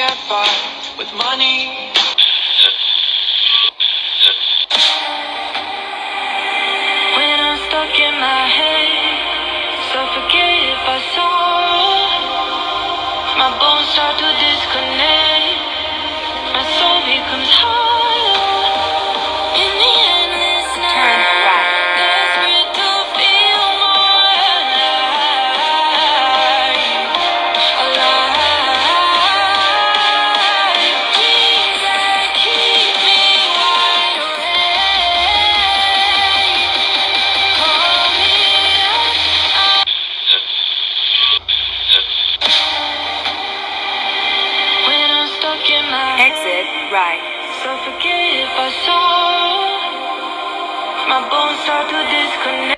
get by with money. When I'm stuck in my head, suffocated by sorrow, my bones start to disconnect, my soul becomes hollow. suffocate I saw, My bones start to disconnect.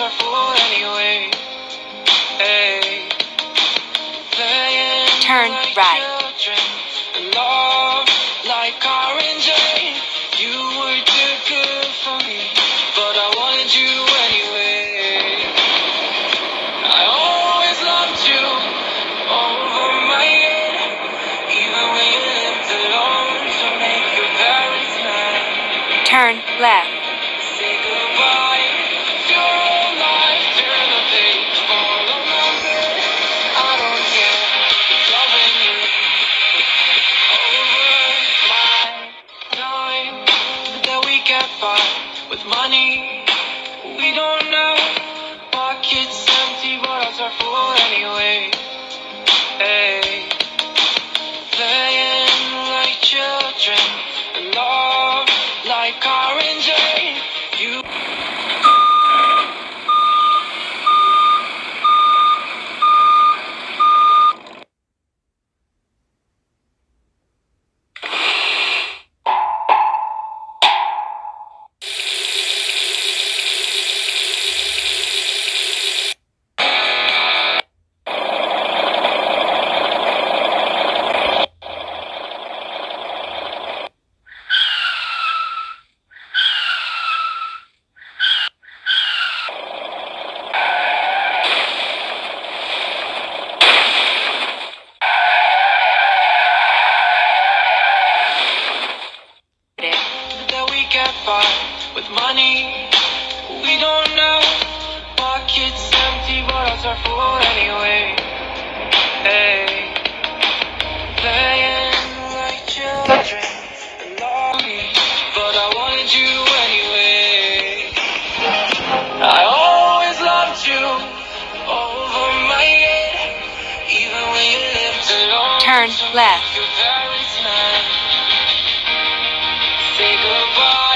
are full anyway. Hey. Turn right. Love like orange. You were too good for me, but I wanted you anyway. I always loved you over my head, even when you lived alone to make your Turn left. get by with money we don't know. Pockets empty, but ours are full anyway. Hey, playing like children, Turn left. Say goodbye far.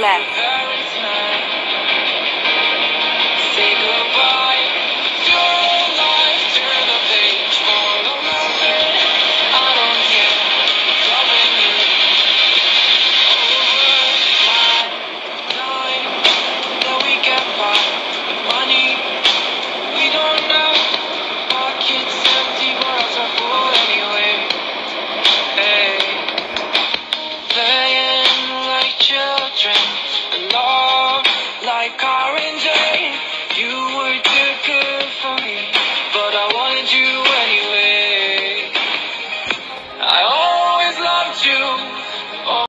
left.